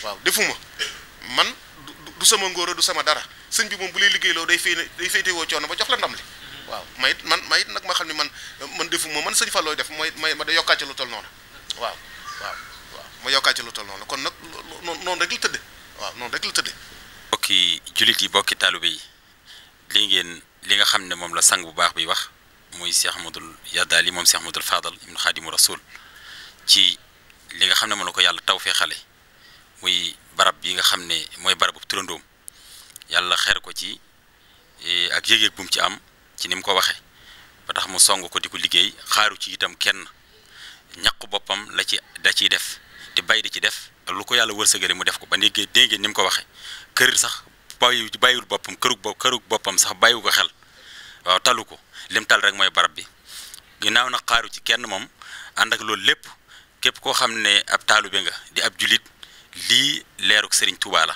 waaw defuma man du sama ngóora du sama dara sëñ bi moom bu lay liggéey loo day fay day féete woo ba jox la ndam li waaw may it man may nag ma xam ne man man defuma man sëñ Fallooy def mooy may ma da yokkaat ci lu toll noonu waaw ma yokkaat ci lu toll noonu nag noonu rek la tëdde waaw noonu rek la tëdde bokki julit yi bokki taalibe yi lii ngeen li nga xam ne moom la sang bu baax bi wax muy Cheikh Ahmadul Yadaali moom Cheikh Ahmadul Fadal ibnu Xaadimu Rasul ci li nga xam ne moom la ko yàlla taw fee xale muy barab bi nga xam ne mooy barabu turandoom yàlla xeer ko ci eh, ak yëg-yëg ci am ci ni mu ko waxee ba tax mu song ko di ko liggéey xaaru ci itam kenn ñaqu boppam la ci da ciy def te bay di ci def lu ko yàlla wërsëgale mu def ko ba léegi dégg ni mu ko waxee kër sax bàyyi bàyyiwul boppam kërug bo boppam sax bàyyiwu ko xel waaw talu ko. lim tal rek mooy barab bi ginnaaw na xaaru ci kenn moom ànd ak loolu lépp képp koo xam ne ab taalibe nga di ab julit li leeruk Serigne Touba la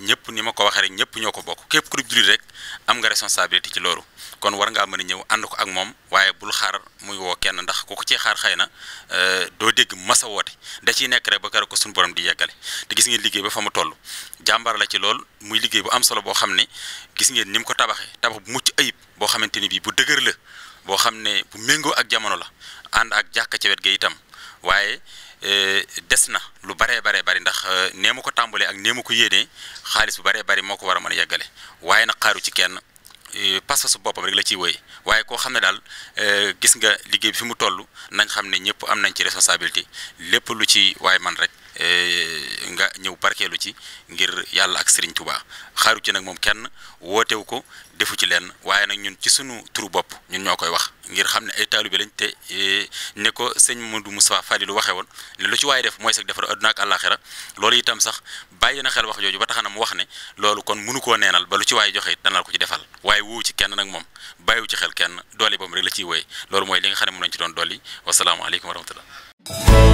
ñëpp ni ma ko waxee rek ñëpp ñoo ko bokk képp ku di jullit rek am nga responsabilité ci loolu kon war ngaa man a ñëw ànd ko ak moom waaye bul xaar muy woo kenn ndax ko ko ci xaar xëy na euh, doo dégg masa woote da ci nekk rek ba kar ko suñu borom di yeggale te gis ngeen liggéey ba fa mu toll jàmbaar la ci lool muy liggéey bu am solo boo xam ne gis ngeen ni mu ko tabaxee tabax bu mucc ayib boo xamante ni bii bu dëgër la boo xam ne bu méngoo ak jamono la ànd ak jàkka ca wet ga itam waaye Euh, des na lu baree baree bari ndax euh, nee ma ko tàmbalee ak nee ma ko yéenee xaalis bu baree bari moo ko war a mën a yeggale waaye nag xaaru ci kenn euh, passa su boppam rek la ciy woy waaye koo xam ne daal gis nga liggéey bi fi mu toll nañ xam ne ñëpp am nañ ci responsabilité lépp lu ci waaye man rek nga ñëw barkeelu ci ngir yàlla ak Serigne Touba xaaru ci nag moom kenn wootewu ko defu ci lenn waaye nag ñun ci sunu turu bopp ñun ñoo koy wax ngir xam ne ay taalu bi lañ te eh, ne ko sëñ Modou Moustapha Fadilou waxee woon ne lu ci waaye def mooy sax defar adduna ak àllaaxira loolu itam sax bàyyi na xel wax jooju ba tax na mu wax ne loolu kon mënu koo neenal ba lu ci waaye joxe it ko ci defal waaye woowu ci kenn nag moom bàyyiwu ci xel kenn doole boobu rek la ciy wooye loolu mooy li nga xam ne mën nañ ci doon dolli wasalaamaaleykum wa rahmatullah